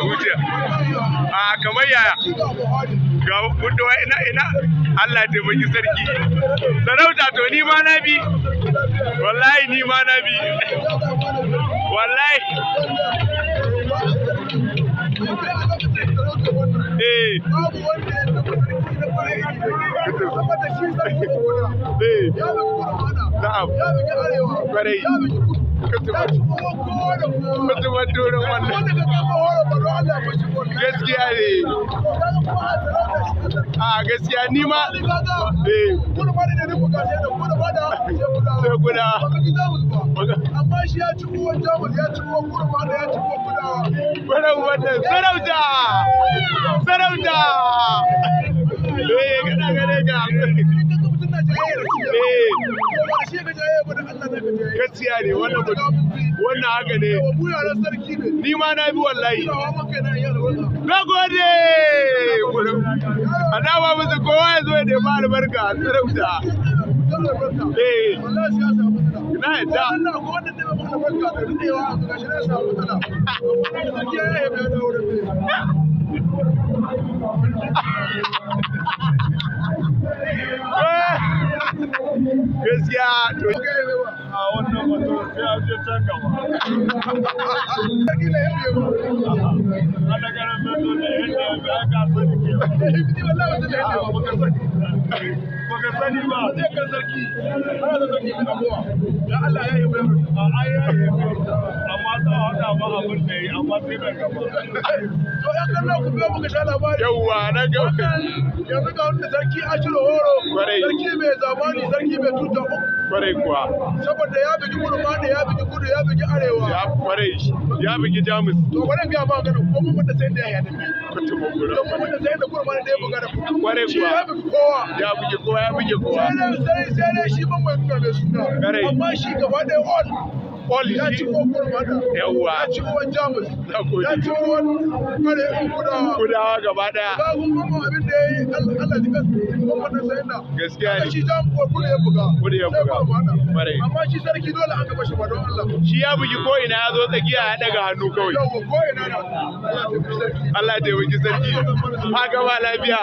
gode a kamar yaya ga wa ina ina Allah ya taimaki sarki sarauta to ni ma na bi wallahi ni ma na bi wallahi eh, eh. na'am ya bi arewa mutumin gaskiya ne a gaskiya ni ma guda sarauta sarauta Eh. Eh. gaskiya ne wannan wannan haka ne ni ma na bi wallahi na gode a musu kowa ya zo ya nemi albarka a sarauta eh. na yadda gaskiya to a wannan wato sai a je can gaba da ya bi sani ke eh, sani ba sarki da sarki Allah ya yi mai a za a ma abin da yi amma sai da gaba. To ya kalla ku biyo muka sha labari. Yawwa na ga. Yanzu ga wanda sarki Ashiru Horo. Sarki mai zamani sarki mai tuta Kwarai kuwa. Saboda ya bugi kurma da ya bugi kudu ya bugi arewa. Ya kwarai ya bugi jamus. To kwarai biya ma gano ko mun wanda sai da ya tafi. Kuntu mun da To mun wanda sai da kurma da ya buga da kudu. Kwarai kuwa. Ya bugi kowa. Ya bugi kowa ya bugi kowa. Sai dai sai dai shi ban mai nuna mai suna. Amma shi gaba ɗaya all. policy yawwa ya ci gudawa gaba daya gaskiya ne shi jamu ko kudu ya buga kudu ya buga bare amma shi sarki dole an gaba shi ba don Allah shi ya bugi ko ina ya zo tsakiya ya daga hannu kawai ko ina na Allah ya taimaki sarki ha gaba lafiya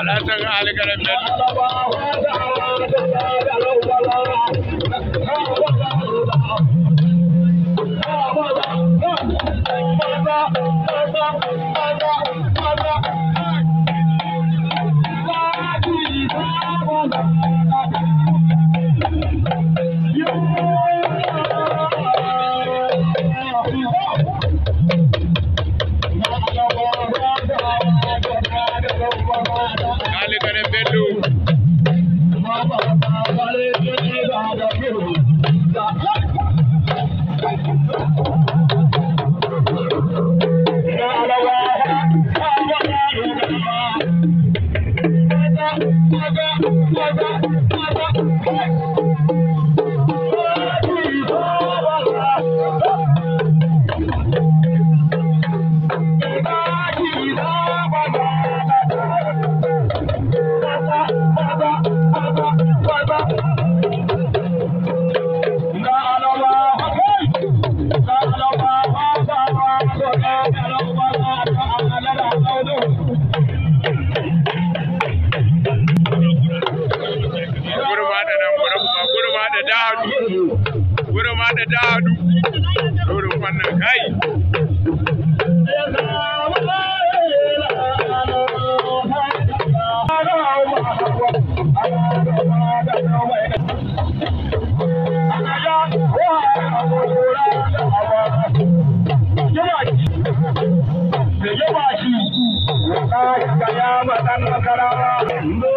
alhassan ali garambe Hindu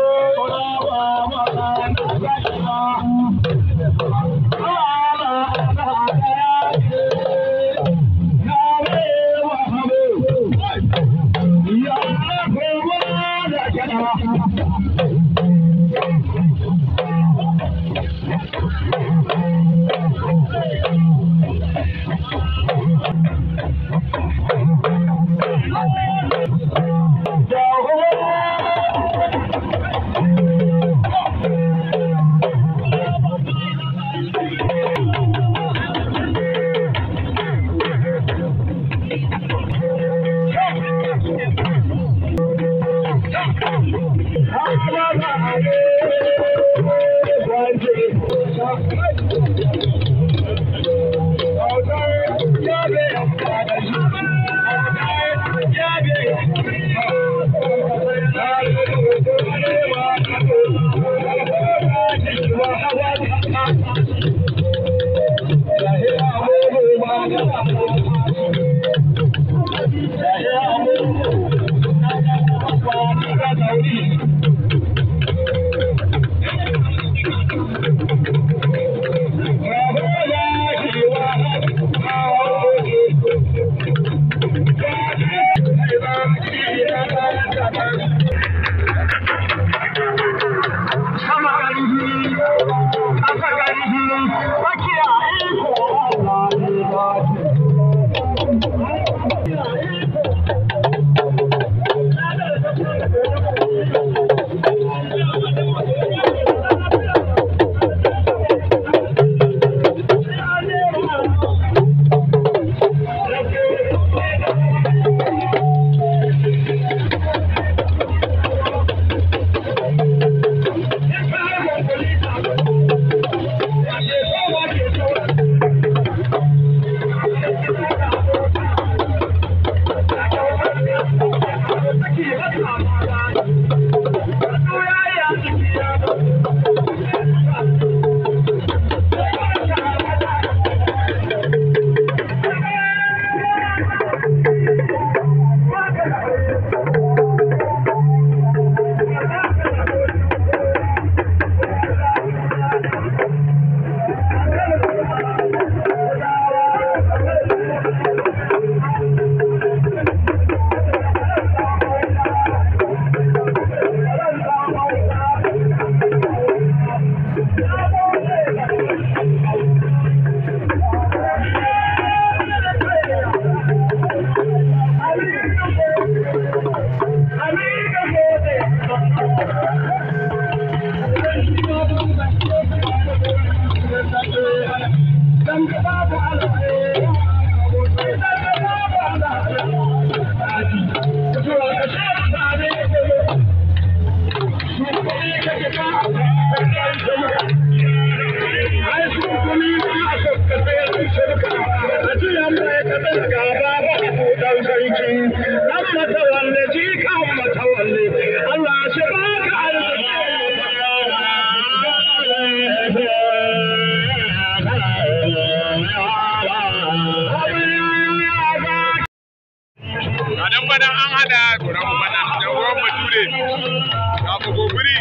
hada doron bana da ruwan bature ga goguri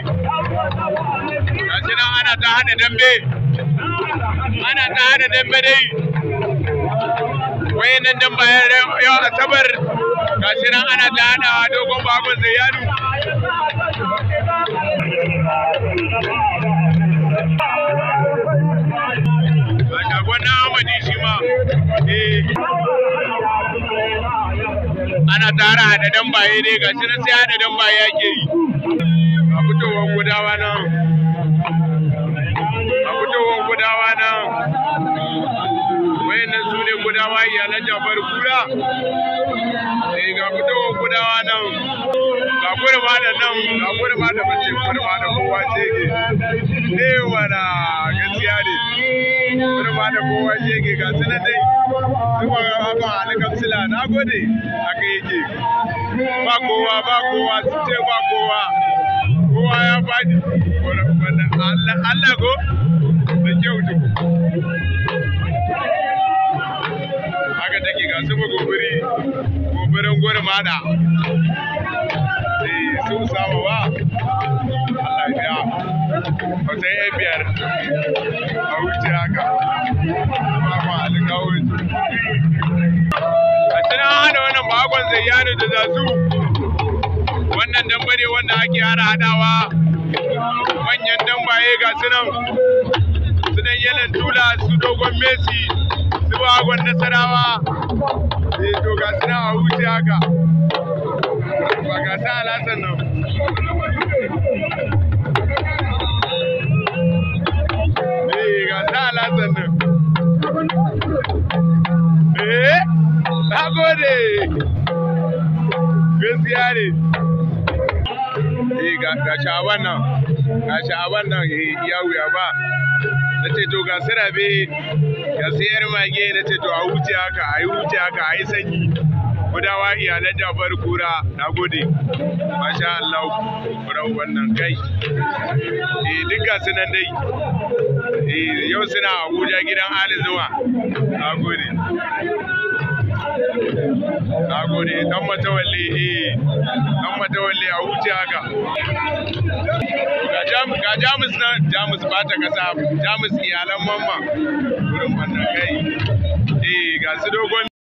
ga shi nan ana ta hada dambe ana ta hada dambe dai wayannan dan bayan asabar ga shi nan ana ta dogon babun zayanu ana tare haɗa dan baye ne ga shi na sai haɗa dan baye yake yi a fitowar gudawa nan a fitowar gudawa nan wayannan su ne gudawa iyalan jabar kura sai eh, ga fitowar gudawa nan ga gurma da nan ga gurma da mace gurma da kowa ce ke ne wala gaskiya ne gurma da kowa ce ke ga sanan dai Kuma ba Ali Kamsila na gode haka yake. Ba kowa ba kowa sun ce ba kowa. Kowa ya faɗi. Allah ko da kyau tuku. Haka take ga su gobiri gobirin gurmada. Eh sun samu ba. Allah ya. yi biyar. zayyano da zazu wannan damba ne wanda ake hada hadawa manyan dambaye ga nan su dan yalan tula su dogon messi su bagon nasarawa eh to ga nan a wuce haka ba ga sa alasan nan eh ga sa alasan nan Eh, na gode. Gaskiya ne. Eh, ga sha'aban nan, ga sha'aban nan eh, ya wuya ba. Na ce to ga sirabe, ga sayar mage na ce to a huce haka, a yi huce haka, a yi sanyi. Gudawa iyalan da bar kura, na gode. Masha Allah, kurau wannan kai. Eh, duk ga su dai. yau suna abuja gidan ali zuma na gode na gode dan matawalle eh dan matawalle a huce haka ga jamus nan jamus ba ta kasa jamus iyalan mamma wurin wannan kai eh ga su dogon